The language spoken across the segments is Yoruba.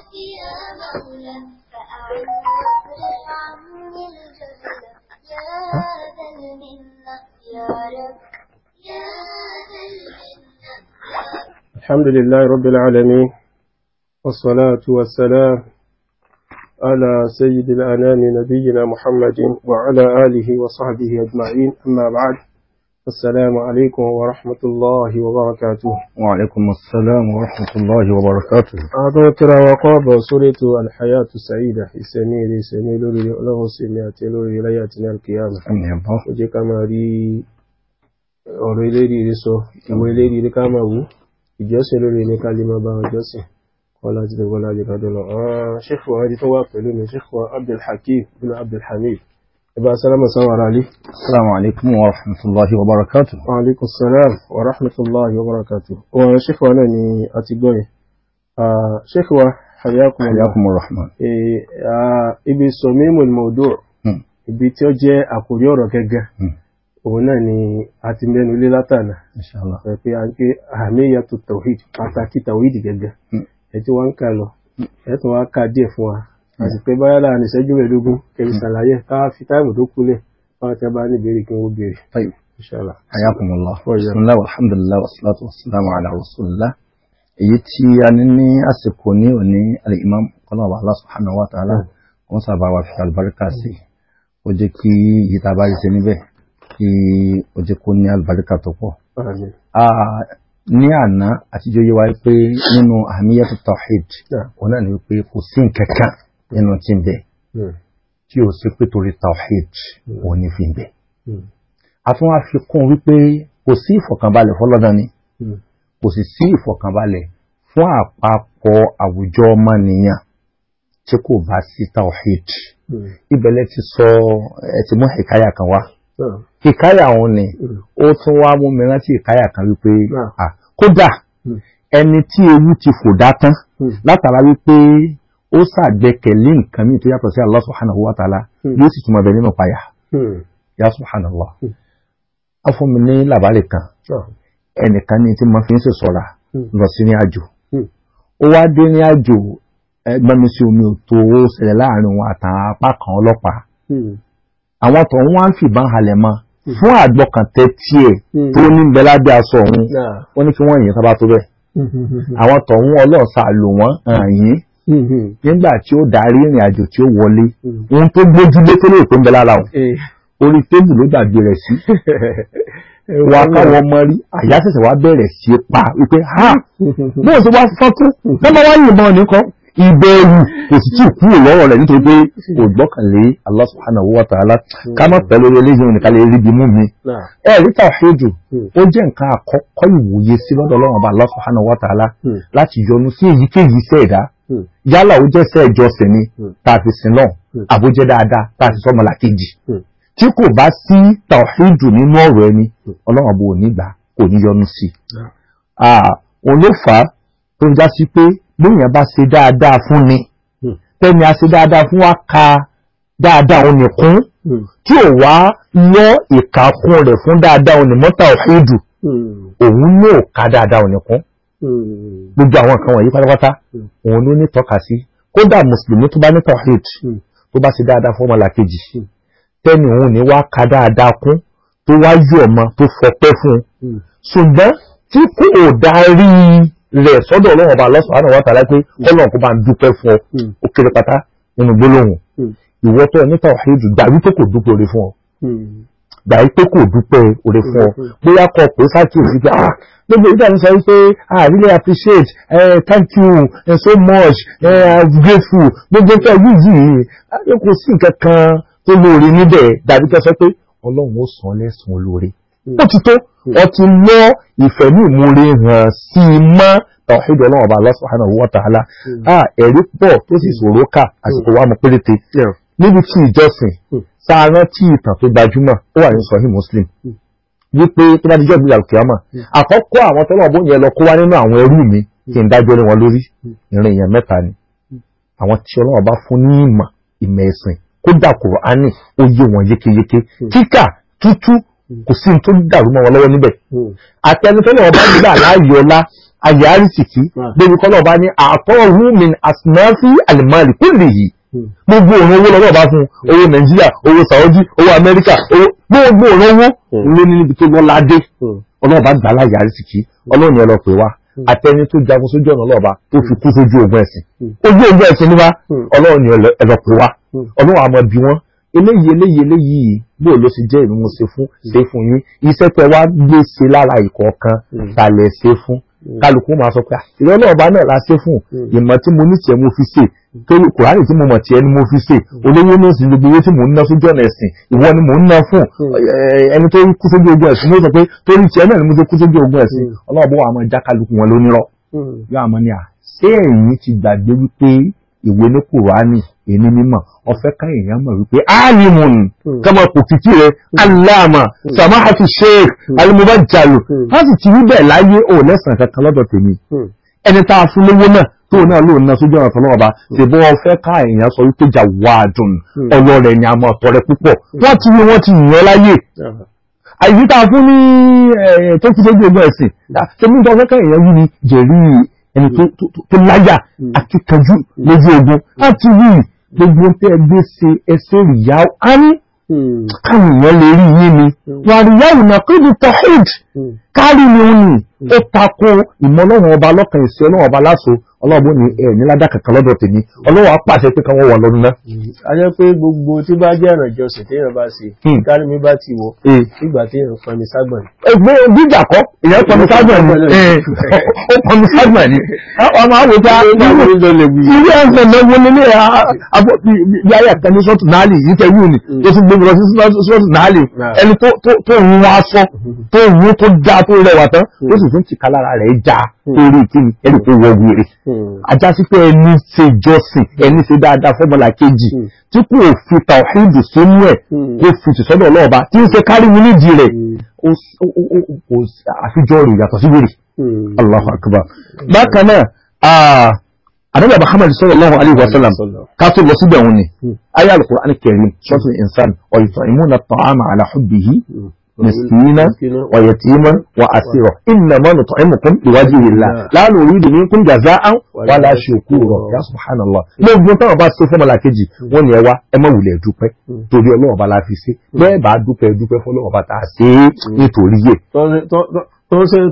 يا مولى عني يا ذا المنة يا رب يا ذا المنة يا رب الحمد لله رب العالمين والصلاة والسلام على سيد الأنام نبينا محمد وعلى آله وصحبه أجمعين أما بعد السلام عليكم ورحمة الله وبركاته وعليكم السلام ورحمة الله وبركاته أعطوا ترى وقاب سورة الحياة السعيدة إسمي لي سمي لوري له سميات لوري لياتنا القيامة أمين الله وجي كما دي أوري لي رسو كما لي لي كما هو ìjọsìn lórí ní kálímà bá ọjọsìn kọlá ti dẹ̀gbọ́lá jẹ́ kádọ́lọ́ ṣífò àdìtọ́wà pẹ̀lú ní ṣífò abdulhakim bin abdulhamid Ìbá sálámà sáwọn ará lé. Assalamu alaikum wa rahmatullahi wa barakatuh. Wa alaikum salam wa rahmatullahi wa barakatuh. Wọ́n ṣífọ́ náà ni a ti gbọ́ yẹn. Ṣéfì wa, Hayakum Hayakum Rahman. E, ibi sọ̀mímù mawdu' hmm. ibi tí ó jẹ́ àkórí ọ̀rọ̀ gẹ́gẹ́. Hmm. Òun náà ni a ti mẹ́nu lé látànà. Pé a ń pé àmìyàtò tawhid, pàtàkì tawhid gẹ́gẹ́. Hmm. Ẹ ti wá ń kà lọ, ẹ tún wá ká díẹ̀ fún wa àti pé báyà láàrin ìṣẹ́jú mẹ́ẹ̀ẹ́dógún kẹrin hmm. ṣàlàyé ká fi táìmù tó kúlẹ̀ báwọn tí a bá ní ìbéèrè kí wọ́n béèrè. ayakumullah bisimilah alhamdulilah wasalaatu wasalaamu ala rasulillah èyí tí a ní ní àsìkò ní òní alimam kọlọmọ Allah subhanahu wa ta'ala wọn hmm. sábà wà fi àlùbáríkà sí ó jẹ́ kí ìyíta bá ṣe níbẹ̀ kí ó jẹ́ kó ní àlùbáríkà tó pọ̀. ní àná àtijọ́ yẹ wáyé pé nínú ahmiyatu tawhid òun náà ni wípé kò sí nǹkan nínú hm. tí ń bẹ tí ó sì pé torí tawhid òun hm. ní fi ń bẹ. a tún wá fi kún wípé kò sí ìfọ̀kànbalẹ̀ fọlọ́dàn ni hm. kò sì sí ìfọ̀kànbalẹ̀ fún àpapọ̀ àwùjọ ọmọnìyàn tí kò bá sí tawhid ibẹ̀lẹ̀ ti sọ ẹ ti mú ìkáyà kan wá ìkáyà òun ni ó tún wá mú mi rántí ìkáyà kan wípé kódà ẹni tí ewu ti fò dá tán látara wípé ó ṣàgbẹ́kẹ̀lé nǹkan míì tó yàtọ̀ sí Allah subhanahu wa ta'ala hmm. yóò sì túnmọ̀ bẹ nínú payà hmm. ya subhanallah a hmm. fún mi ní làbálẹ̀ kan ẹnìkan ní tí mo fi ń sè sọ́ra lọ sí ní àjò ó wá dé ní àjò ẹgbẹ́ mi sí omi òtò owó ṣẹlẹ̀ láàrin wọn àtàn apá kan ọlọ́pàá àwọn tó ń wá ń fìbọn halẹ̀ mọ́ fún àgbọ̀kàntẹ́ tiẹ̀ tó ní bẹ lábẹ́ aṣọ òun ó ní kí wọ́n yìn sábà tó bẹ́ẹ̀ àwọn tó ń wọ́n ọlọ́ọ̀sà lò wọ́n hàn yín Mm-hmm. nígbà tí ó darí ìrìn àjò tí ó wọlé mm-hmm. ohun tó gbójúlé tó lóòpé ń bẹ lára o eh. orí tébù ló gbàgbé rẹ̀ sí wà káwọn eh, ọmọ rí àyà ṣẹ̀ṣẹ̀ wá bẹ̀rẹ̀ sí pa wípé ha mm-hmm. bóò ṣe wá fọ́tún lọ́mọ wá yìnbọn nìkan ìbẹ̀rù kò sì tí kúrò lọ́rọ̀ rẹ̀ nítorí pé kò gbọ́kànlé Allah subhanahu wa ta'ala ká má pẹ̀lú eléyìí òní ká lè rí bí mú mi. ẹ rí tàwíìdù mm. ó jẹ́ nǹkan àkọ́kọ́ ìwòye sí lọ́dọ̀ ọlọ́run ọba Allah subhanahu wa ta'ala mm. láti yọnu sí èyíkéyìí sẹ́ẹ̀dá Hmm. yálà ó jẹ́ sẹ́ ìjọsìn ni hmm. tá a fi sin náà hmm. àbójẹ́ dáadáa tá a fi sọ́mọlà kejì tí kò bá sí tàwíìdù nínú ọ̀rọ̀ ẹni ọlọ́run bò ní gbà kò ní yọnu sí i òun ló fà á tó ń já sí pé lóyìn bá ṣe dáadáa fún ni tẹ́ni a ṣe dáadáa fún wa ka dáadáa òun nìkún tí ò wá yọ ìkàkùn rẹ̀ fún dáadáa òun nìmọ́ta òfìdù òun náà ka dáadáa òun nìkún gbogbo àwọn nǹkan wọ̀nyí pátápátá òun ló ní tọ́ka sí kódà mùsùlùmí tó bá ní tawhid tó bá ṣe dáadáa fún ọmọlàkejì tẹ́ni òun ní wá ka dáadáa kún tó wá yọ ọmọ tó fọpẹ́ fún un ṣùgbọ́n tí kò ò darí rẹ̀ sọ́dọ̀ ọlọ́run ọba lọ́sàn án wọ́n tàlá pé ọlọ́run kò bá ń dúpẹ́ fún ọ ó kéré pátá nínú gbólóhùn ìwọ́tọ̀ ní tawhid gbà wípé kò dúpẹ́ orí fún ọ gbà í pé kò dúpẹ́ oore fún ọ bóyá kọ pé sákìyèsí pé ah gbogbo ìgbà mi sọ wípé ah, i really appreciate uh, thank you uh, so much uh, grateful gbogbo nǹkan yìí yìí kò sí nǹkan kan tó lóore níbẹ̀ dàbí kẹ́ sọ pé ọlọ́run ó san lẹ́sùn olóore hmm. ó ti tó ọ hmm. ti lọ ìfẹ́ ní ìmúre hàn sí i mọ́ tàwáhídì ọlọ́run ọba Allah subhanahu wa ta'ala hmm. ah, ẹ̀rí pọ̀ tó sì ṣòro kà àsìkò wa mọ̀ péréte níbi tí ìjọsìn sáà rántí ìtàn tó gbajúmọ̀ ó wà ní sọhí muslim hmm. wípé tó bá dijọ́ ìgbìyàwó kìámọ̀ hmm. àkọ́kọ́ àwọn tọ́lọ̀ bó yẹn lọ kó wá nínú àwọn ẹrú mi kí n dájọ́ lé wọn lórí hmm. ìrìn èèyàn mẹ́ta ni àwọn tí ọlọ́run bá fún ní ìmọ̀ ìmọ̀ ẹ̀sìn kódà kùránì ó yé wọn yékéyéké kíkà tútú kò sí tó dàrú mọ́ wọn lọ́wọ́ níbẹ̀ àtẹnitọ́lọ̀ ọba nígbà láàyè ọlá ayé àrísìkí lórí kọ́lọ̀ ọba ní àtọ́rù min asnafi alimali kullihi gbogbo òun owó lọ́wọ́ bá fún owó nàìjíríà owó saudi owó amẹ́ríkà owó gbogbo òun owó ló ní níbi tó gbọ́n ládé ọlọ́run bá gbà láyà àrísìkí ọlọ́run yẹn lọ pè wá àtẹni tó jagun sójú ọ̀nà ọlọ́ọ̀ba tó fi kú sójú ogun ẹ̀sìn ojú ogun ẹ̀sìn nípa ọlọ́run yẹn lọ pè wá ọlọ́run àmọ́ bí wọ́n eléyìí eléyìí eléyìí bó ló ṣe jẹ́ ìmúṣe fún ṣe fún yín iṣẹ́ tẹ wá gbé ṣe lára ìkọ̀ọ̀kan ta lẹ̀ ṣe fún kálukú máa sọ pé ah, ìrẹ́ ọlọ́ọ̀bá náà la ṣe fún hmm. ìmọ̀ tí mo ní tiẹ̀ mo fi ṣe torí kùránì tí mo mọ̀ tiẹ̀ ni mo fi ṣe hmm. olówó ní ìsìn gbogbo owó tí mo ń ná sójú ọ̀nà ẹ̀sìn ìwọ ni mo ń ná fún hmm. ẹni tó kú sójú ogun ẹ̀sìn mo sọ pé torí tiẹ̀ náà ni mo ṣe kú sójú ogun ẹ̀sìn ọlọ́ọ̀bá wa máa já kálukú wọn lónírọ́ yóò àmọ́ ni à ṣé ẹ̀yin ti gbàgbé wípé ìwé ní kùránì ìní mímọ̀ ọ̀fẹ́ ká èèyàn mọ̀ wípé alimun kama kò kìkì rẹ̀ alama hmm. hmm. samahatu sheikh hmm. alimubajalo láti ti rí bẹ́ẹ̀ láyé ò lẹ́sàn kankan lọ́dọ̀ tèmi ẹni tá a fún lówó náà tó náà lóun náà sójú ọ̀nà fọlọ́ọ̀ba ṣèbọ̀ ọ̀fẹ́ ká èèyàn sọ wípé jà wàdùn ọlọ́rẹ̀ ni a máa tọrẹ púpọ̀ wọ́n ti ní wọ́n ti yàn ẹ́ láyé uh-huh. àyíkí tá a fún ní eh, tó ti sójú ọgbọ́n ẹ̀sìn ṣe mú ìjọ ọ̀fẹ́ ká ẹni tó láyà akíkanjú lójú ogun láti rí gbogbo tẹ́ gbé ṣe ẹsẹ̀ ìyáwó a ní hmm. káwọn èèyàn lè rí yín ni hmm. wàríyáwó nàkídù tọ́hìd kárí ni ó ní hmm. ó tako ìmọ̀ ọlọ́run ọba lọ́kàn ìsìn ọlọ́run ọba láṣọ ọlọ́run ní ẹ̀ ní ládàkà kan lọ́dọ̀ tèmi hmm. ọlọ́run apàṣẹ pé káwọn wà lọ́nu náà. Hmm. a jẹ́ pé gbogbo tí bá jẹ́ ọ̀rọ̀ ìjọsìn téèyàn bá ṣe kárí mi bá ti wọ̀ nígbà téèyàn fọmi ságbọ̀n. ẹgbẹ́ gbígbà èèyàn fọmi ságbọ̀n ni ó fọmi ságbọ̀n ni ọmọ àwòjá ilé ẹ̀sẹ̀ lọ́wọ́ nílé bí ayé àtẹni sọ́ọ̀tù náàlì yìí tẹ̀wé ni tó tún gbogbo ká tó rẹwà tán hmm. ó sì tún tìka lára rẹ̀ já hmm. torí kíni ẹni tó wọ wèrè hmm. ajá sí pé ẹni ṣe jọ́sìn ẹni ṣe dáadáa fọ́mọlà kejì tí kò fi tàwíìdì sínú ẹ̀ kó fi tìsọ́dọ̀ ọlọ́ọ̀ba tí ń ṣe kárí mi nídìí rẹ̀ àfijọ́ rẹ̀ yàtọ̀ sí wèrè Allahu akbar bákan náà àdájọ́ Muhammad sallallahu alaihi wasallam ká tó lọ síbẹ̀ òun ni ayé al-Qur'an al-Karim suratul Insan wa yut'imuna at-ta'ama ala hubbihi مسكينا ويتيما وأسيرا إنما نطعمكم لوجه الله لا نريد منكم جزاء ولا شكورا يا سبحان الله gbogbo táwọn bá ṣe fún ọmọlàkejì wọn ni ẹ wá ẹ má wulẹ̀ dúpẹ́ torí ọlọ́run ọba la fi ṣe bẹ́ẹ̀ bá dúpẹ́ dúpẹ́ fún ọlọ́run ọba tá a ṣe é nítorí yẹ.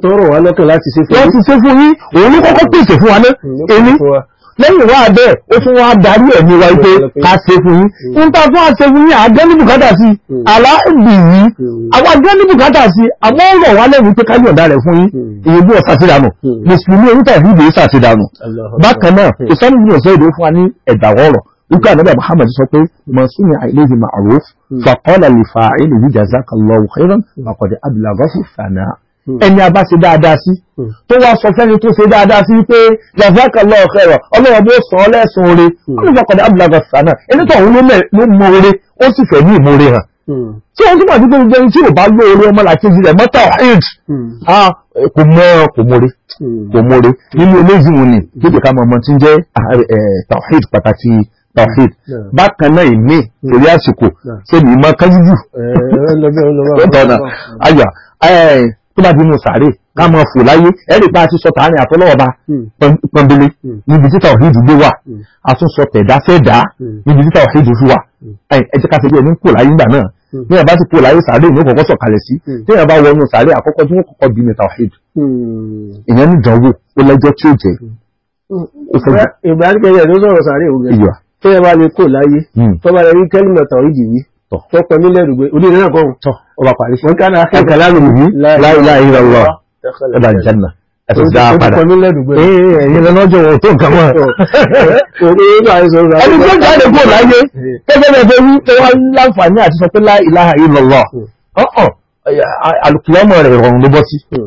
tọ́rọ̀ wá lọ́kàn láti ṣe fún yín. láti ṣe fún yín òun ló kọ́kọ́ pèsè fún wa náà èmi lẹ́yìn wá bẹ́ẹ̀ ó tún wá darí ẹ̀mí wa wípé ká ṣe fún yín ń ta fún àṣẹ fún yín àgẹ́ ní bùkátà sí aláàbì yìí àwọn àgẹ́ ní sí àmọ́ ọ̀rọ̀ wá pé káyọ̀ ọ̀dà rẹ̀ fún yín èyí bí ọ̀sà sídànù mùsùlùmí orúkọ ìfúdè ìsà bákan náà ìsọ́nùmí ọ̀sẹ̀ èdè fún wa ní ẹ̀dà ẹni a bá ṣe dáadáa sí tó wá sọ fẹ́ni tó ṣe dáadáa sí wípé jazakallahu khairan ọlọ́run bó sọ ọ́ lẹ́sùn oore olùfọkọ̀dá abúlágà sànà ẹni tó òun ló mọ oore ó sì fẹ́ ní ìmọ̀ oore hàn tí wọ́n túnmọ̀ sí pé gbogbo ẹni tí ò bá ló oore ọmọ làkejì rẹ̀ mọ́tà ọ̀hìd kò mọ kò mọ̀re kò mọ̀re nínú eléyìí wọn ni gbèdè ká mọ̀mọ́ tí ń jẹ́ tawhid pàtàkì tawhid bákan náà ìmí torí àsìkò ṣe ní kájú jù ọ̀tọ̀ náà ayà tó bá di inú sàárè ká mọ fò láyé ẹ̀rí pa àti sọ tààrin àtọ́lọ́ọ̀ba hmm. pọ̀nbélé hmm. níbi títà òhìdì gbé wà àtúnsọ hmm. tẹ̀dá fẹ́dá níbi títà òhìdì fún wa ẹ̀jẹ̀ ká ṣe bí ẹni kò láyé ńgbà náà bí ẹ̀ bá ti kò láyé sàárè ní kọ̀kọ́ sọ̀kalẹ̀ sí tí ẹ̀ bá wọ inú sàárè àkọ́kọ́ tí wọ́n kọ́kọ́ bí mẹ́ta òhìdì ìyẹn ní ìdánwò ó lẹ́jọ́ tí ó jẹ́ ìgbà tó yẹ bá lè kò láyé tó bá lè rí kẹ́lìmọ̀tà òhìdì yìí wọ́n pẹ̀ mílẹ̀ rùgbé onírin náà kọ́hùn ọba parí wọ́n ká náà kẹ́kẹ́ lánàá mú láìlá ìlà lọ ọba jẹ́nà ẹ̀sùn dá padà ẹ̀yìn lọ lọ́jọ́ wọn tó nǹkan wọn. ẹni tó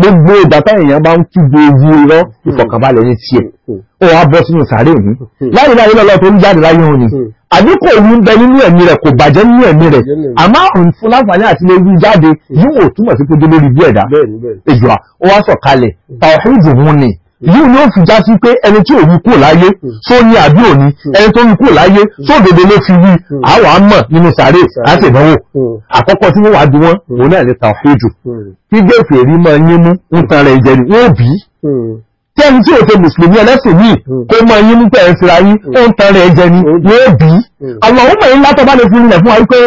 gbogbo ìgbà táwọn èèyàn bá ń kígbe ewu irọ́ hmm. ìfọ̀kànbalẹ̀ ní tiẹ̀ hmm. ó wá bọ́ sínú sàárè mi hmm. láyé láyé lọ́lọ́ tó ń jáde láyé òun ni àbí kò wú ń bẹ nínú ẹ̀mí rẹ̀ kò bàjẹ́ nínú ẹ̀mí rẹ̀ àmọ́ òun fún láǹfààní àti lè wú jáde yóò túmọ̀ sí pé dé lórí ibú ẹ̀dá ó wá sọ̀kalẹ̀ tàwọn ìdùnnú ni yìí ni ó fi já sí pé ẹni tí òun kúrò láyé hmm. tó ní àbí òní hmm. ẹni tó ń kúrò láyé hmm. tó òdodo ló fi wí àwa mọ̀ nínú sàárè àti ìdánwò àkọ́kọ́ tí wọ́n wá di wọ́n òun náà ní tàfíjù kí gẹ́fẹ̀ rí mọ́ yín mú ń tan rẹ̀ jẹ ni wọ́n bí tẹ́ni tí ò mùsùlùmí ẹlẹ́sìn míì kó mọ yín mú pẹ̀lú ìsira yín ó ń tan rẹ̀ jẹ ni wọ́n bí àwọn ọmọ yín látọ̀ bá lè fi rinlẹ̀ fún wa wípé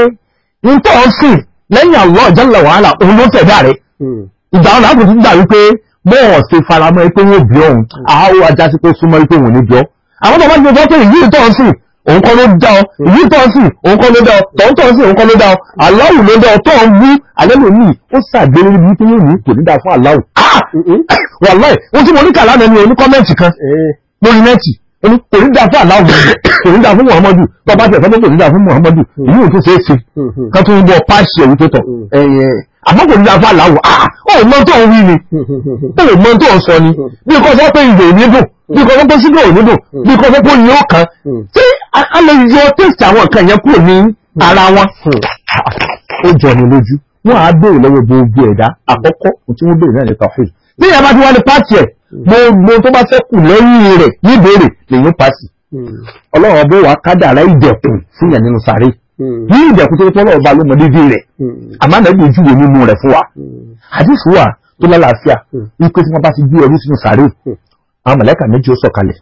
ń tọ́ sìn lẹ́yìn Allah jalla wàhálà òun ló tẹ̀dá rẹ̀ ìgbà wọn bọ́ọ̀ ṣe faramọ́ ẹ pé wọ́n bí ọ̀hún àwọn ajásí pé súnmọ́ ẹ pé wọ́n ní bí ọ́ àwọn tó bá ti sọ pé ìyí ìtọ́ sí òun kọ́ ló dá ọ ìyí ìtọ́ sí òun kọ́ ló dá ọ tọ́hún tọ́hún sí òun kọ́ ló dá ọ aláwù ló dá ọ tó ń wú alẹ́lòmí ó ṣàgbélé níbi tí yóò ní kò ní dá fún aláwù ah! wàláì ó tí mo ní kàlánà ni oní kọ́mẹ́ǹtì kan eh. lórí nẹ́ẹ̀tì onídà fún aláwọ̀ onídà fún muhammadu tó bá tẹ̀sán tó kò nídà fún muhammadu yìí ò tún ṣe é ṣe kan tó ń bọ páàṣì ẹ̀wù tó tọ̀ àmọ́ kò nídà fún aláwọ̀ ah ó mọ tó ń wí ni ó lè mọ tó ń sọ ni bí kò sọ pé ìgò òní dùn bí kò sọ pé sígò òní dùn bí kò sọ pé òní ó kan tí a lè yọ tẹ̀sí àwọn nǹkan yẹn kúrò ní ara wọn ó jọ ni lójú wọn á béèrè lọ́wọ́ gbogbo ẹ̀dá àkọ́kọ́ tí wọ́n béèrè náà ní tàwọn gbogbo tó bá sẹ́kù lẹ́yìn rẹ̀ níbèrè lèyìn pàṣì ọlọ́run ọbọ̀ wa kádàrá ìdẹ̀kùn síyàn nínú sàárè ní ìdẹ̀kùn tó tọ́lọ̀ ọba ló mọ dédé rẹ̀ àmánàbí ojúwe nínú rẹ̀ fún wa àdìsí wa tó lálàáfíà wípé tí wọ́n bá ti gbé ẹrú sínú sàárè àwọn mọ̀lẹ́kà méjì ó sọ̀kalẹ̀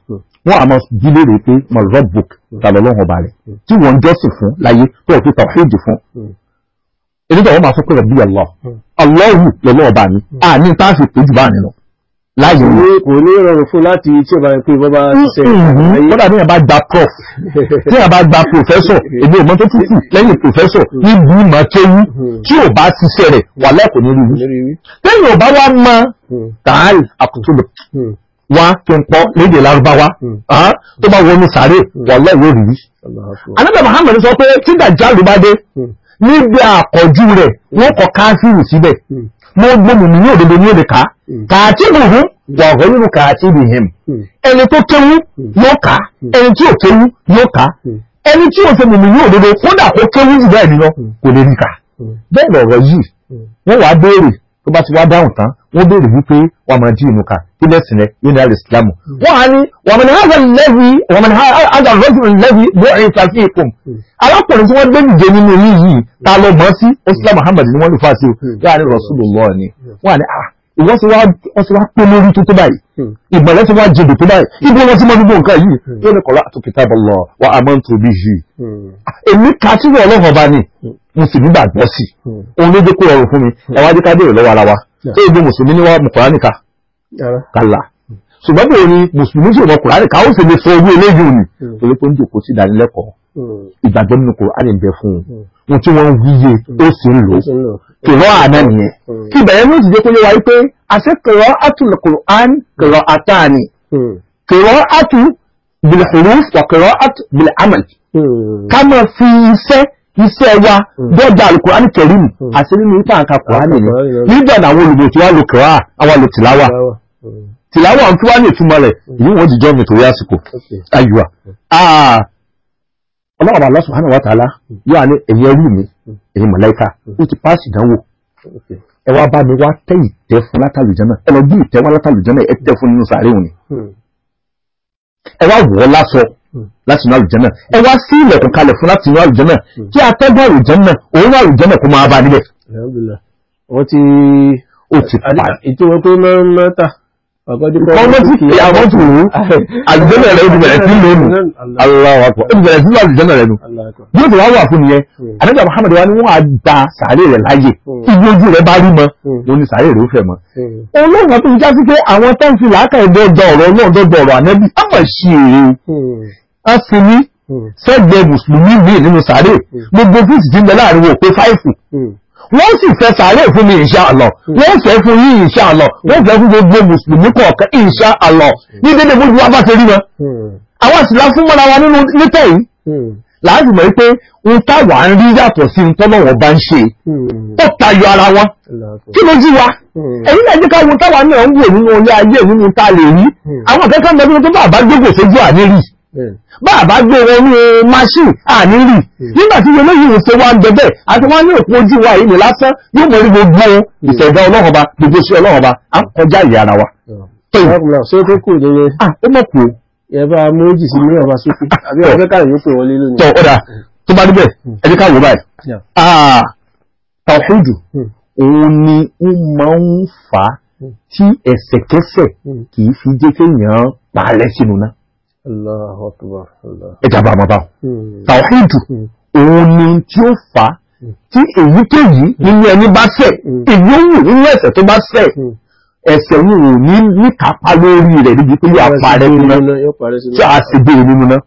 wọ́n àmọ́ bí léèrè pé mọ̀ rọ́bùk ta lọ́lọ́run ọba rẹ̀ tí wọ́n ń jọ́sìn fún láyé tó ò tó tàwáhídì fún èdè tó wọ́n máa sọ pé rẹ̀ bí ọlọ́ ọlọ́run lọ́lọ́ ọba mi àní tá a sì pé jù bá nínú láyé wọn. kò ní rọrùn fún láti tí o bá ń pè bọ́ ṣiṣẹ́ ayé. Mm-hmm. kódà bí bá gba prof tí wọn bá gba professor èmi ò mọ tó tútù lẹ́yìn professor mm-hmm. ní bí mọ kéwú mm-hmm. tí o bá ṣiṣẹ́ rẹ̀ wà lẹ́kọ̀ọ́ ní rírí. lẹ́yìn ọba wa mọ tààlì àkùtùbọ̀ wa tó ń pọ́ lédè lárúbáwá tó bá wọnú sàárè wà lẹ́yìn òrìrí. anábẹ́ ni sọ pé tí dàjálù bá dé níbi àkọ́jú rẹ̀ wọ́n kọ káfíìrì síbẹ̀ gbogbo mùmí ní òdodo ní òdìká hmm. kàtíbù hù wà ọ̀rọ̀ kàtíbù hìm ẹni tó kéwú yóò hmm. ká hmm. ẹni tí ò kéwú yóò ká ẹni tí ò ṣe mùmí ní òdodo kódà ó kéwú jù bẹ́ẹ̀ nínú kò lè ríkà bẹ́ẹ̀ lọ̀rọ̀ yìí wọ́n wá béèrè tó bá ti wá dáhùn tán wọ́n béèrè wípé wọ́n máa dí ìlú ká kí lẹ́sìn rẹ̀ yóò ní alìsìlámù wọ́n á ní wọ́n mọ̀nà ága lẹ́bí wọ́n mọ̀nà ága rọ́jùn lẹ́bí bó ẹ̀yìn tàbí ìkùn alákùnrin tí wọ́n gbé nìjẹ́ nínú ilé yìí ta ló mọ̀ sí osila muhammad ni wọ́n lù fà sí wọ́n á ní rasulullah ni wọ́n á ní ah ìwọ́n sì wá pé lórí tó tó báyìí ìmọ̀lẹ́ sì wá jèdè tó báyìí ibi wọn sì mọ gbogbo nǹkan yìí yóò ní kọ̀lá àtò kìtà bọ̀lọ̀ wà á máa ń tóbi yìí èmi ka tí wọ́n ọlọ́hàn bá ní mo sì nígbàgbọ́ sí òun ló dé kó ọrùn fún mi ẹ̀wá dé ká béèrè lọ́wọ́ ara wa tó gbogbo mùsùlùmí ní wọ́n mú kùránì ká kàlà ṣùgbọ́n bí òní mùsùlùmí ṣe mọ kùránì ká ó sì lè sọ orí eléyìí òní hmm. torí pé ó ń jòkó sí ìdánilẹ́kọ̀ọ́ hmm. ìgbàgbọ́ nínú kùránì ń bẹ fún un wọn hmm. tí wọ́n ń wíye ó sì ń lò ó kìlọ́ àná nìyẹn kí ìbẹ̀rẹ̀ ló ti jẹ́ kó yẹ àṣẹ kìlọ́ àtúlù kùránì kìlọ́ àtàní kìlọ́ àtú bìlì huruf wà kìlọ́ àtú bìlì amal ká máa fi iṣẹ́ Isi wa hmm. bọ́ọ̀dà alukurani kẹrìmù àti nínú ipa àǹkà kùránì ni hmm. nígbà àwọn olùgbòtò wa lò kẹwà àwọn lò tìláwà tìláwà ń fún wa ní ìtumọ̀ rẹ̀ hmm. ìlú wọn jíjọ́ mi torí àsìkò ayùwà ah. ọlọ́ọ̀bà Allah subhanahu wa ta'ala yóò ní ẹ̀yin ẹrú mi ẹ̀yin mọ̀láìka ó ti ìdánwò ẹ wá bá mi wá ìtẹ́ fún ẹ lọ ìtẹ́ wá láti inú àlùjànnà ẹ wá sí ilẹ̀kùn kalẹ̀ fún láti inú àlùjànnà hmm. kí atẹ́gùn àlùjànnà òun àlùjànnà kó máa bá níbẹ̀. wọ́n ti ó ti pa ètò wọn pé máa ń mọ́ta. ọmọ tí kì í àwọn tó wù ú àlùjànnà rẹ̀ ó ti bẹ̀rẹ̀ sí lónìí aláwàpọ̀ ó ti bẹ̀rẹ̀ sí àlùjànnà rẹ̀ nù. bí ó ti wá wà fún nìyẹn anájà hmm. Muhammad wa ni wọ́n á hmm. ń já pé àwọn tó ń fi làákà ẹ̀dọ́ ọ̀rọ̀ ọlọ́ọ̀dọ́ dọ̀ ọ̀rọ̀ ànẹ́bí á mà ṣe é á fi ní hmm. sẹ́gbẹ̀ẹ́ mùsùlùmí míì nínú sàárè hmm. gbogbo fíìsì tí ń bẹ láàrin wọn pé fáìfù hmm. wọ́n sì fẹ́ sàárè fún mi ìṣàlọ̀ wọ́n fẹ́ fún yí ìṣàlọ̀ wọ́n fẹ́ fún gbogbo mùsùlùmí kọ̀ọ̀kan ìṣàlọ̀ ní dédé bójú wa bá ṣe rí wọn àwọn ìsìlá fún mọ́ra wa nínú nítọ̀ yìí láti mọ̀ pé ohun táwa ń rí yàtọ̀ sí ohun tọ́lọ̀ wọn bá ń ṣe ó tayọ ara wọn kí ló jí wa ẹ̀yìn náà jẹ́ ká ohun táwa náà ń wò nínú ilé ayé nínú ta lè rí àwọn akẹ́kọ̀ọ́ mẹ́rin tó bá àbá gbégbèsè jù àníri bàbá hmm. gbé wọnú machine àníìrì hmm. nígbà tí yẹlẹ yìí ń ṣe wá ń bẹ̀bẹ̀ àti wọ́n ní òpó ojú wa ìlú lásán yóò mọ̀ ní gbogbo hmm. ìṣẹ̀dá ọlọ́run ba gbogbo sí ọlọ́run ba á kọjá ìyá ara wa. ṣé tó kù bá níbẹ̀ ẹ jẹ́ báyìí. tàwùjù òun ni ó máa ń fà á tí ẹsẹ̀kẹsẹ̀ kì í fi jẹ́ kéèyàn pa á lẹ́sìn náà ẹjà bá àmọ́bá hmm. tàwíìdù hmm. òun ni tí ó fà á hmm. tí èyíkéyìí nínú ẹni bá ṣẹ̀ èyí ó wù nínú ẹ̀ṣẹ̀ tó bá ṣẹ̀ ẹ̀ṣẹ̀ ń wò ní níkàápá lórí rẹ̀ níbi pé yóò parẹ́ nínú tí a sì bèèrè nínú náà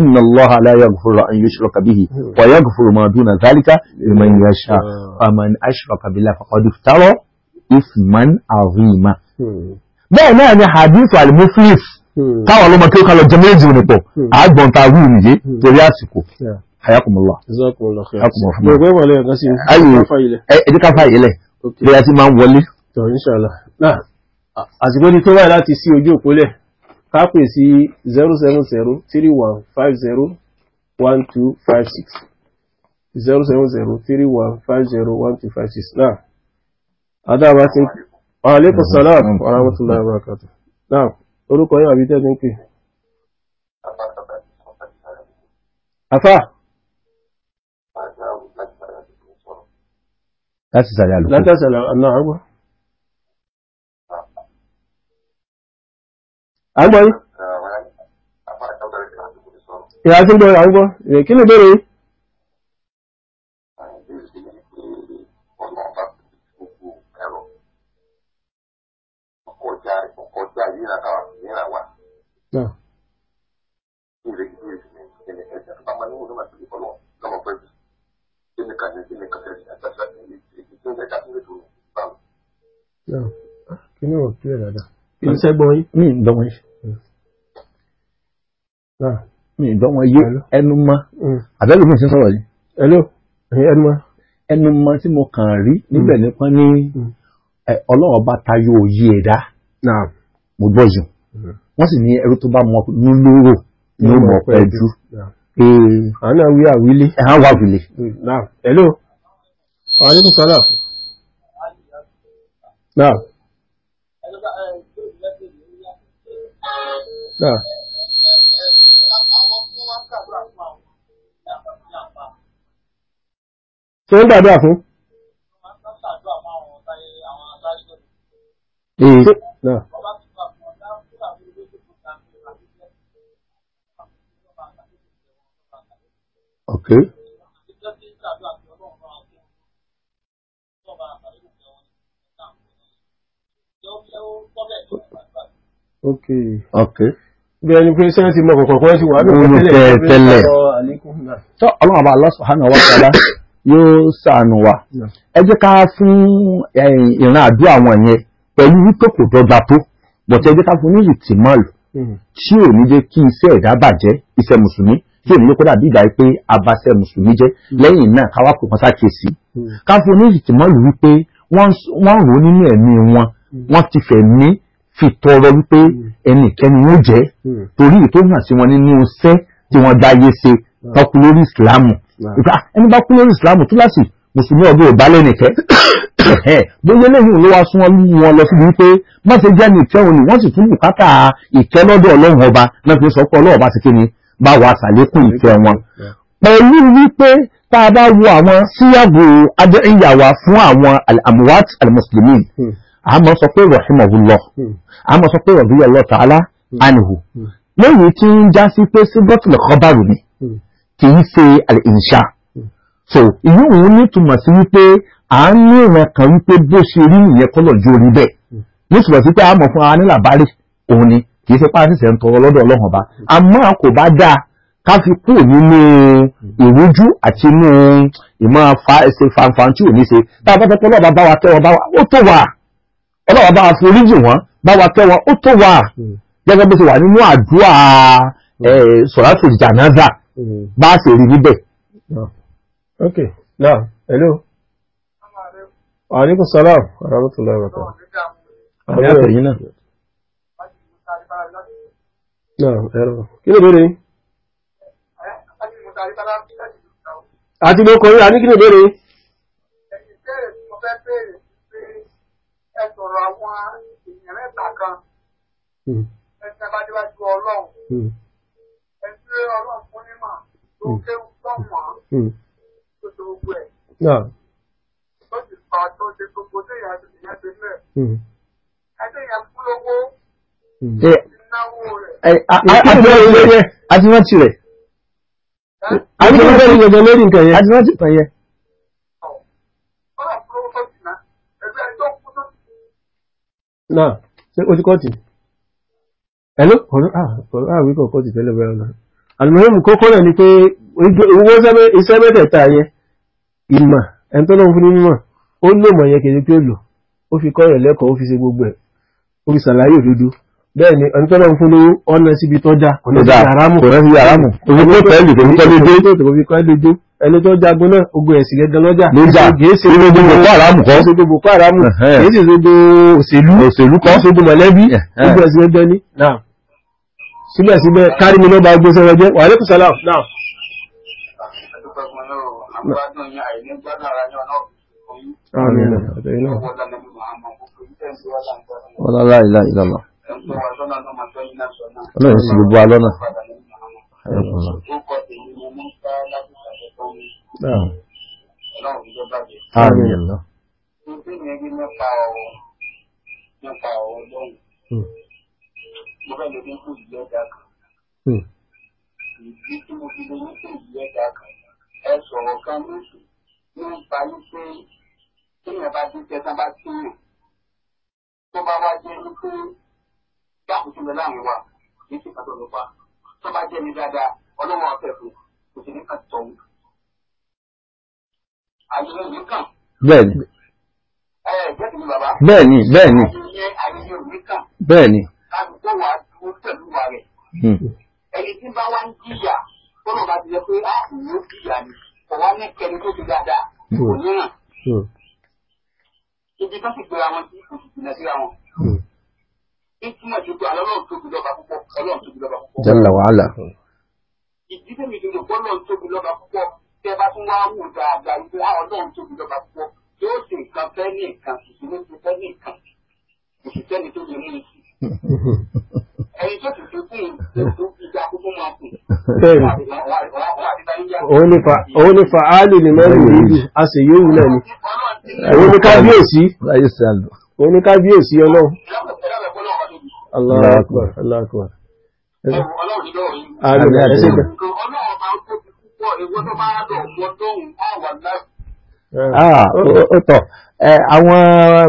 inna Allaha la yaghfiru an yushraka bihi wa yaghfiru ma duna dhalika liman yasha ah. wa man ashraka billahi faqad iftara ithman azima bẹ́ẹ̀ náà ni hadith al-muflis Hmm. káwọn ọlọ́mọ kí ó kálọ jẹ méjì òní pọ̀ àágbọ̀n hmm. ta wí nìyé hmm. torí àsìkò hayakumula ẹjẹ ká fàyè lẹ bí a ti máa ń wọlé. àsìkò ti tó báyìí láti sí ojú òpó lẹ̀ ká pè sí zero seven zero three one five zero one two five six zero seven zero three one five zero one two five six náà. adáwà ti. wa alaikum salaam wa rahmatullahi wa barakatuh. náà orúkọ yẹn àbí tẹ́ ti ń pè. afa. láti sàlẹ̀ àlùkò. láti sàlẹ̀ àná àgbọ̀. àgbọ̀ yìí. ìyá tí ń gbọ́ àgbọ̀ kí ni ìbéèrè yìí. ṣẹ́gbọ́n yín. mi ń dánwọ́ ah. yé mi ń dánwọ́ yé ẹnu mọ́ mm. àbẹ́lú mi ti sọ̀rọ̀ yìí. ẹnu ẹnu mọ́. ẹnu mọ́ tí mo kàn rí níbẹ̀ mm. nípa ní mm. ọlọ́wọ́ bá mo gbọ́ yìí wọ́n sì ní ẹrú tó bá mọ lólóró ní ó mọ̀ pẹ́jú. àwọn náà wí àwílé. náà. tí wọ́n ń gbàdúrà fún. Hmm. ok Okay. Okay bí ẹni pé sẹ́yìn ti mọ kọ̀kọ̀kọ́ sí wà lóòrùn tẹ́lẹ̀ tọ́ ọlọ́run ọba Allah subhanahu wa ta'ala yóò ṣàánú wa ẹ jẹ́ ká fún ìran àdúrà wọn yẹn pẹ̀lú wípé kò dọ́gba tó bọ̀tẹ́ ẹ jẹ́ ká fún ní ìtìmọ́lù hmm. tí ò ní jẹ́ kí iṣẹ́ ẹ̀dá bàjẹ́ iṣẹ́ mùsùlùmí tí èmi kó dàbí ìgbà pé abasẹ́ mùsùlùmí jẹ́ hmm. lẹ́yìn náà káwá kò kan sákèsí hmm. ká fún ní ìtìmọ́lù wípé wọ́n rò nínú ẹ̀mí wọn wọ́n ti fẹ̀mí fi tọrọ wípé ẹnikẹ́ni yóò jẹ́ hmm. torí ìtòhàn sí wọn nínú iṣẹ́ tí wọ́n dáyé ṣe hmm. tọ́kú lórí ìsìláàmù hmm. ah, ẹni bá kú lórí ìsìláàmù túláàsì mùsùlùmí ọdún ìbálẹ̀ nìkẹ́ bóyá lẹ́yìn ló wá sún wọn lọ síbi wípé má ṣe jẹ́ ní ìkẹ́ òní wọ́n sì tún bùkátà ìkẹ́ lọ́dọ̀ ọlọ́run ọba náà fi sọ pé ọlọ́run ọba ti kí ni bá wa ṣàlékún ìfẹ́ wọn pẹ̀lú wípé tá a bá wo àwọn síyàgò adéyàwá fún àwọn àmúwát àlùmùsùlùmí a mọ́ sọ pé rahimahullah hmm. a mọ́ sọ pé radiyallahu ta'ala hmm. anhu hmm. lẹ́yìn tí ń já sí pé sígọ́tìlẹ̀ kọ́bàrù ni kì í ṣe al-insha so ìyí òun nítumọ̀ sí wípé à ń ní ìran kan wípé bó ṣe rí ìyẹn kọ́lọ̀ ju orí bẹ́ẹ̀ nítumọ̀ sí pé a mọ̀ fún ara nílà bá rí òun ni kì í ṣe pàṣẹ ṣẹ̀ ń tọrọ lọ́dọ̀ ọlọ́run ọba àmọ́ kò bá dáa ká fi kú nínú ìrújú àti inú ìmọ̀ fa ẹsẹ̀ fanfan tí ò ní ṣe tá a bá fẹ́ pé bá wa tẹ́ wa ó tó wà ọlọ́wọ́ bá wa foríjì wọ́n bá wa kẹ́ wọn ó tó wà hmm. gẹ́gẹ́ bó ṣe wà nínú àdúrà hmm. eh, sọ̀rọ̀tò jànáza hmm. bá a ṣe rí níbẹ̀. ok now hello aleykum salaam rahmatullahi wa barakatuh. àwọn ẹ̀rọ yìí náà. kí ló bẹ̀rẹ̀ yìí. àti lóko yìí a kí ló bẹ̀rẹ̀ yìí. sọ̀rọ̀ àwọn èèyàn mẹ́ta kan hmm. ẹni tí a bá déwájú ọlọ́run hmm. ẹni tí ọlọ́run fún nímọ̀ tó kéwù tó wọ́n tó ṣe gbogbo ẹ̀ tó sì pa tó ṣe gbogbo tó yà tó yà tó mẹ́ hmm. ẹni yẹn kú lówó ìnáwó rẹ̀. àti wọ́n ti rẹ̀ àti wọ́n ti rẹ̀ lórí nǹkan yẹn. náà ó ah kọ́ọ̀tì ẹ̀lọ́ ọ̀rọ̀ àwí ah, kọ̀ kọ́ọ̀tì tẹ́lẹ̀ bẹ́ẹ̀ ọ̀nà àlùmọ́hìmù kókó rẹ̀ ni pé owó iṣẹ́ mẹ́tẹ̀ẹ̀ta yẹn ìmọ̀ ẹni tó lọ́n fún ní mímọ̀ ó lòmọ̀ yẹn kejì pé ó lò ó fi kọ́yọ̀ lẹ́kọ̀ọ́ ó fi ṣe gbogbo ẹ̀ ó fi ṣàlàyé òdodo bẹ́ẹ̀ ni ẹni tó lọ́n fún lówó ọ̀nà síbi tó dá ọ̀nà sí àrámù ẹni tó jagun náà ogun ẹ̀sìn gẹ́gẹ́ lọ́jà gẹ́ẹ̀sẹ̀ gbogbo boko haram kọ́ gẹ́ẹ̀sẹ̀ boko haram gẹ́ẹ̀sẹ̀ gbogbo òṣèlú òṣèlú kọ́ gbogbo mọ̀lẹ́bí ogun ẹ̀sìn gẹ́gẹ́ ní náà síbẹ̀síbẹ̀ kárí mi lọ́ba gbé sẹ́wọ́n jẹ́ wàhálẹ́ kùsàlá náà. Ọlọ́lá ìlà ìlàlá. Ọlọ́run sì gbogbo alọ́nà. Ẹ̀kùnlá. Àmì ẹ̀lọ́. Ìgbé mi ẹgbẹ́ mẹ́fà ọ̀rọ̀ mẹ́fà ọ̀rọ̀ lọ́wọ́. Mo fẹ́ lè dínkù ìlú ẹ̀dá kan. Hmm. Ìdí tí mo fi lè dínkù ìlú ẹ̀dá kan. Ẹ sọ̀rọ̀ kan lóṣù. Ní ìgbà yìí bá dín tẹ́tán bá kéèyàn. Tó bá wá jẹ́ wípé dákùtù lọ láàrin wa ní ìsìnkà tó lọ Tó bá jẹ́ mi dáadáa, ọlọ́wọ́ ọ̀fẹ́ kò sí ní kàtọ́wù bẹ́ẹ̀ni bẹ́ẹ̀ni bẹ́ẹ̀ni bẹ́ẹ̀ni. Hmm. ẹni tí bá wá ń jìyà tó lọ́ba ti yẹ pé a kò ní jìyà ni kò wá ní kẹni tó ti dáadáa hmm. kò ní ràn. Hmm. ibi tó sì gbéra wọn sí kò sì jìnnà síra wọn. ìtumọ̀ ìdókòwò àlọ́ tóbi lọ́ba púpọ̀ ọlọ́run tóbi lọ́ba púpọ̀. jalla wàhálà. ìdílé mi ti lò bọ́ọ̀lù tóbi lọ́ba púpọ̀ tẹ bá tún wá wù dáadáa wípé àwọn ah, náà tóbi lọ́ba púpọ̀ yóò ṣe nǹkan fẹ́ ní nǹkan tuntun ló ti fẹ́ ní nǹkan kò sì sẹ́ni tó lè mú un sí. ẹni tó sì fi kún un tó fi ga kó máa kù. Òun ni fàálì ni mẹ́rin yìí, a sì yóò wúlẹ̀ ni. Òun ni kábíyèsí. Òun ni kábíyèsí ọlọ́run. Allahu akbar, Ọlọ́run ni lọ́run. Àmín Ọlọ́run máa ń tóbi púpọ̀, èwo tó bá rádò jọ lóhùn àwa náà. ó tọ́ àwọn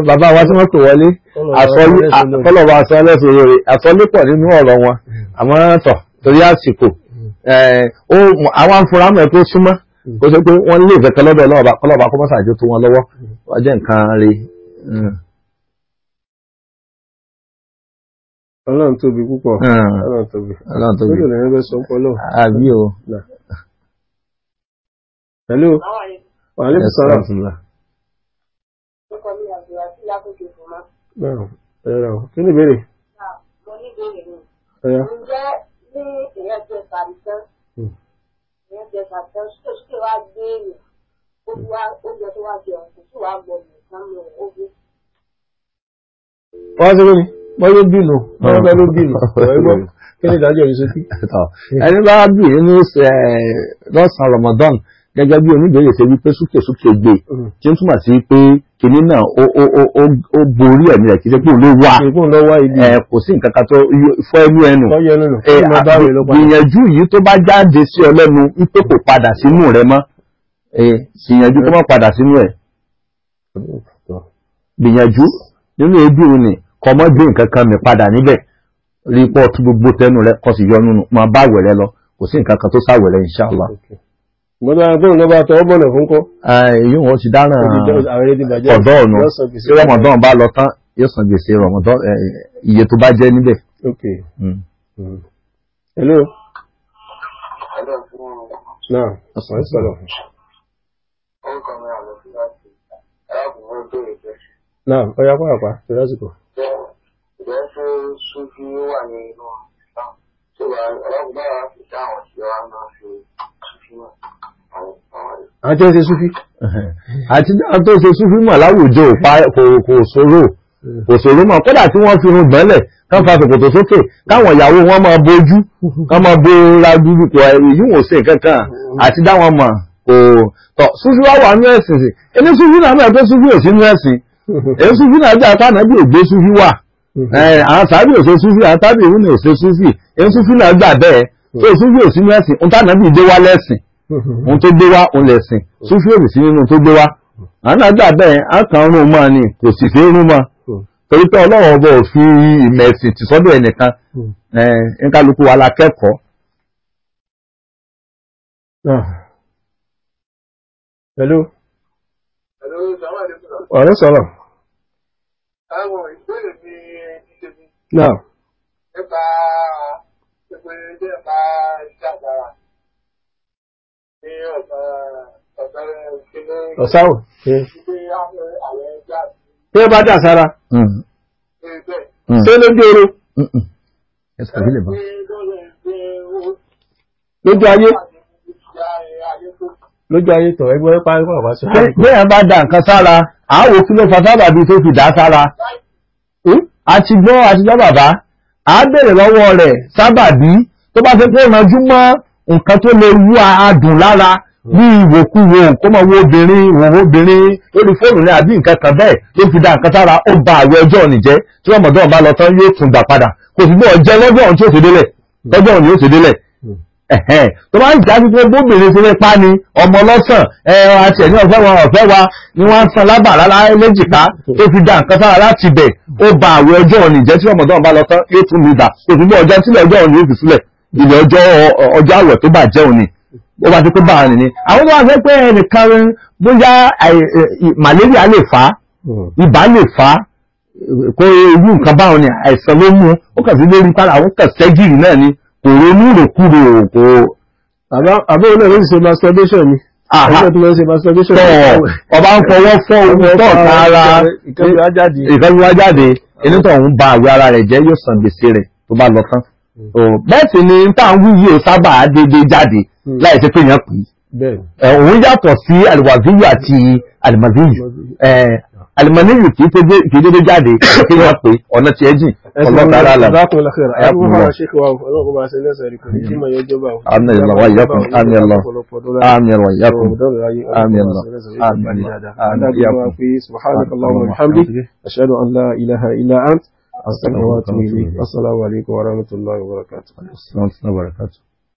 bàbá wa tí wọ́n pè wọlé àfọlọ́wọ́ aṣọ alẹ́sìn rere àfọlẹ́pọ̀ nínú ọ̀rọ̀ wọn àmọ́ tọ̀ torí àsìkò àwọn afuramu ẹ̀ tó súnmọ́ kó sọ pé wọ́n lè fẹ́ kọlọ́bẹ̀ lọ́ọ̀bà kọlọ́bà kó mọ́sà jó tó wọn lọ́wọ́ ọjọ́ nǹkan rí. Hmm. ọlọ́run tóbi púpọ̀ hmm. ọlọ́run tóbi ọlọ́run tóbi ó lè rẹ́ bẹ́ sọ pọ́ lọ́wọ́. àbí o. Hello. Wa alaikum salaam. Ọkọ mi àti àti lákòókò fún ma. Bẹ́ẹ̀ ẹ̀rọ kí ni ìbéèrè? Mo ní ìbéèrè mi. Ǹjẹ́ ní ìrẹsì ẹ̀sàrí tán? Ìrẹsì ẹ̀sàrí tán ṣíṣe ṣíṣe wá gbé èèyàn. Ó fi wá oúnjẹ tó wá jẹ ọ̀sùn tí wàá gbọ̀ mí sánú ogún. Wọ́n á ṣe lónìí. Wọ́n ló bínú, wọ́n ló bínú, ọ̀rẹ́gbọ́n, kí ni ìdájọ́ yìí ṣe sí? Ẹni bá bì nínú lọ́sàn-án Ramadan, gẹ́gẹ́ bí oníbèrè ṣe wípé súkèsúkè gbé mm. tí ó túmọ̀ sí pé kìnní náà ó borí ẹ̀mí rẹ̀ kì í ṣe pé òun ló wá kò sí nǹkan kan tó fọ́ ẹnu ẹnu ìyànjú yìí tó bá jáde sí ọ lẹ́nu wípé kò padà sínú rẹ mọ́ ìyànjú tó má padà sínú ẹ̀ gbìyànjú nínú ebi òun ni kò mọ́ gbé nǹkan kan mi padà níbẹ̀ rí pọ́ gbogbo tẹnu rẹ kò sì yọnu máa bá wẹ̀rẹ̀ lọ kò sí nǹkan kan tó sáwẹ̀rẹ̀ inṣáàlá gbọ́dọ̀ agbóhùn ló bá tọwọ́ bọ̀nà fún kọ́. èyí wọn ti dáràn ọ̀dọ́ ọ̀nà tí rọmọdán bá lọ tán yóò san gbèsè rọmọdán iye tó bá jẹ́ níbẹ̀. Hmm. Hmm. hello. náà ọ̀sán ìsọ̀rọ̀. orúkọ mi àlọ́ sí láti arákùnrin tó lè náà ọ̀yá pàápàá ti lásìkò. ìgbẹ́ tó sún wà ní inú ọ̀sán tó bá àwọn tí wọ́n ṣe súfí àti àwọn tó ṣe súfí mọ̀ láwùjọ kò ṣòro kò ṣòro mọ̀ kódà tí wọ́n fi run gbọ́nlẹ̀ kán fa ṣòkòtò sókè káwọn ìyàwó wọn máa bojú kán máa bora dúdú pọ̀ ìyíwọ̀n ṣe kankan àti dáwọn mọ̀ kò tọ̀ súfí wá wà nú ẹ̀sìn sí ẹni súfí náà mọ̀ pé súfí ò sí nú ẹ̀sìn èyí súfí náà jẹ́ àtànà bí ògbé súfí wà àwọn sábì ò ṣe súfí àwọn sábì ò ṣe súfí èyí súfí náà gbà bẹ́ẹ̀ tó súfí ò sí nú ẹ̀sìn ń tànà bí ìdéwálẹ́sìn Mm-hmm. ohun tó gbé wá òun lè sìn mm. súfì òbí sí nínú tó gbé wá mm. ànádà bẹ́ẹ̀ á kàn rún mọ́ ni kò sì ṣe é rún mọ́ mm. torí pé ọlọ́run ọba ò fi ìmọ̀ ẹ̀sìn tì sọ́dọ̀ ẹnìkan nkálukú wa la kẹ́kọ̀ọ́. Ah. Hello. Hello, Ọ̀rẹ́ sọ̀rọ̀. Àwọn ìbéèrè mi ti ṣe mi. Náà. Nípa ìpèníjà ìjàmbá ní ọ̀sán ọ̀sán ìṣẹ́lẹ̀ ọ̀sáwò tí ó bá dà sára tí hmm. hmm. ó lójú oró hmm, lójú ayé lójú ayé tọ̀ ẹgbẹ́ ẹ̀pá ẹ̀pá ọ̀pá sí ọ̀pá. bí ẹ bá da nǹkan sára àáwò kí ló fa sábàbí tó fi dá sára àti gbọ́ àti gbọ́ bàbá àá bèrè lọ́wọ́ rẹ̀ sábàbí tó bá fẹ́ pé ìrànjú mọ́ nǹkan tó lè wú adùn lára bí ìwòkúwo kó mọ̀ wo obìnrin ìwòwò obìnrin lórí fóònù ní àbí nǹkan kan bẹ́ẹ̀ ló fi da nǹkan sára ó ba àwẹ̀ ọjọ́ nìjẹ́ tí wọ́n mọ̀dọ́ bá lọ tán yóò tún gbà padà kò sì gbọ́ jẹ́ lọ́jọ́ ọ̀hún tí ó ṣe délẹ̀ hmm. lọ́jọ́ ọ̀hún ni ó ṣe délẹ̀ tó bá ń jà sí pé bóbìnrin ṣe pa ni ọmọ lọ́sàn ẹran àti ẹ̀yìn ọ̀fẹ́ wọn ọ̀fẹ́ wa ni wọ́n ń san lábà lára méjìká tó fi da nǹkan sára láti bẹ̀ ó ba àwẹ̀ ọjọ́ ọ̀nìjẹ́ tí ọmọdé wọn bá lọ tán yóò tún mi dà òfin bọ́ ọjọ́ sílẹ̀ ọjọ́ ọ̀nì yóò fi sílẹ̀ ilẹ̀ ọjọ́ ọjọ́ àwẹ̀ tó bà jẹ́ òní ó bá ti pé báà nìyí àwọn tó wà fẹ́ pé ẹnìkan bóyá malaria lè fà á hmm. ibà lè fà á kó irú nǹkan báwọn ni àìsàn ló mú ó kàn sí lórí pálá àwọn kàn sẹ́gìrì náà ni kò ronú masturbation ni ọba ń fọwọ́ ara tó ń ba ara rẹ̀ jẹ́ yóò sàn gbèsè rẹ̀ tó lọ tán. bẹ́ẹ̀ sì ni tá à ń wí yìí ò sábà dédé jáde hmm. láì ṣe pé èèyàn pè é òun yàtọ̀ sí àlùwàzíyù àti àlùmọ̀zíyù alimaniyu kì í dédé jáde kí wọ́n pe ọ̀nà tí ẹ jìn ọlọ́tara àlà. Àmì Allah, àmì Allah, السلام عليكم ورحمة الله وبركاته السلام عليكم ورحمة الله وبركاته